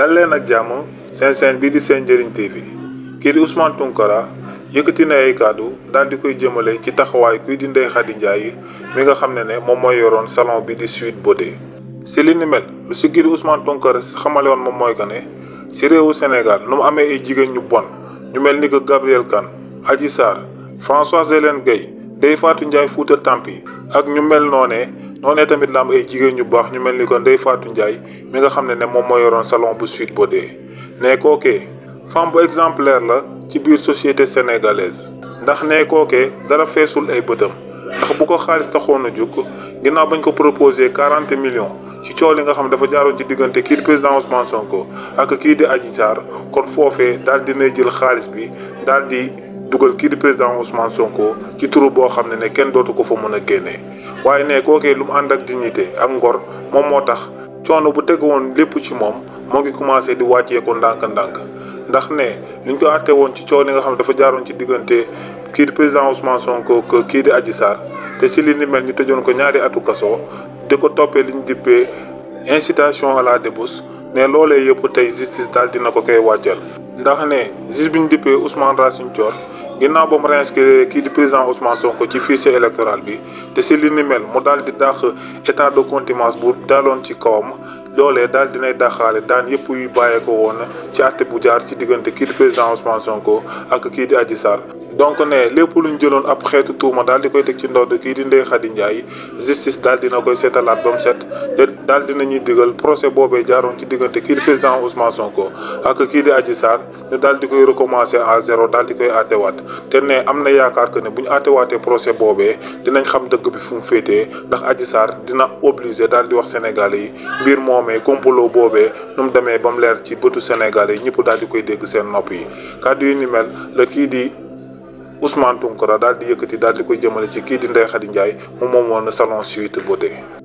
dal leen ak jàmm seen seen bii di seen njëriñ TV kii di Ousmane Tounkara yëkkati na ay kàddu daal di koy jëmale ci taxawaay kuy di Ndeye Khady Ndiaye mi nga xam ne ne moom mooy yoroon salon bi di Sweet Beauté. si li ni mel lu si kii di Ousmane Tounkara moom mooy que ne si réewu Sénégal nu mu amee ay jigéen ñu bon ñu mel ni que Gabriel Kane Adji Sarr Françoise Hélène Guèye Ndeye Fatou Ndiaye Fouta yi ak ñu mel noonee noonee tamit la ay jigéen ñu baax ñu mel ni ko Ndeye Fatou Ndiaye mi nga xam ne ne moom moo yoroon salon bu Sweet Beauté nee kookee femme bu exemplaire la ci biir société sénégalaise ndax ne kookee dara feesul ay bëtam ndax bu ko xaalis taxoon a jóg ginnaaw bañ ko proposé quarante millions ci coow li nga xam dafa jaaroon ci diggante kii di président Ousmane Sonko ak kii di Adji Sarr kon foofee daal dinay jël xaalis bi daal di dugal kii di président Ousmane Sonko ci turu boo xam ne ne kenn dootu ko fa mën a génnee waaye ne kookee lu mu ànd ak dignité ak ngor moom moo tax coono bu teg woon lépp ci moom moo ngi commencé di wàcceeku ndànk-ndànk ndax ne liñ ko àtte woon ci coow li nga xam dafa jaaroon ci diggante kii di président Ousmane Sonko kii di Adji Sarr te si li ni mel ñi tëjoon ko ñaari atu di ko toppee li ñu dippee incitation à la débauche ne loolee yëpp tey justice daal dina ko koy wàcceel. ndax ne juge bi ñu dippee Ousmane Racine Thior ginnaaw ba mu réinscrire kii di président Ousmane Sonko ci fichier électoral bi te si li ni mel mu daal di dàq état de contumace bu daloon ci kawam. loolee daal dinay daxaale daan yëpp yu bàyyee ko woon ci àtte bu jaar ci diggante kii di président Ousmane Sonko ak kii di Adji sa donc ne lepp luñu jëlone de tout tuuma di koy ci ndodd di justice dal dina koy sétalat bam procès Bobé jaaroon ci président Ousmane Sonko ak ki di Adji Sarr ñu dal di koy recommencer à zéro dal di koy wat ne que procès Bobé dinañ xam dëgg bi fu mu fété ndax Adji Sarr dina obligé dal Sénégalais mbir nu démé bam ci Sénégalais ñëpp di koy dégg Ousmane Tounkara daal di yëkkati daal di koy jëmale ci kii di Ndeye Khady Ndiaye mu moom woon salon Sweet Beauté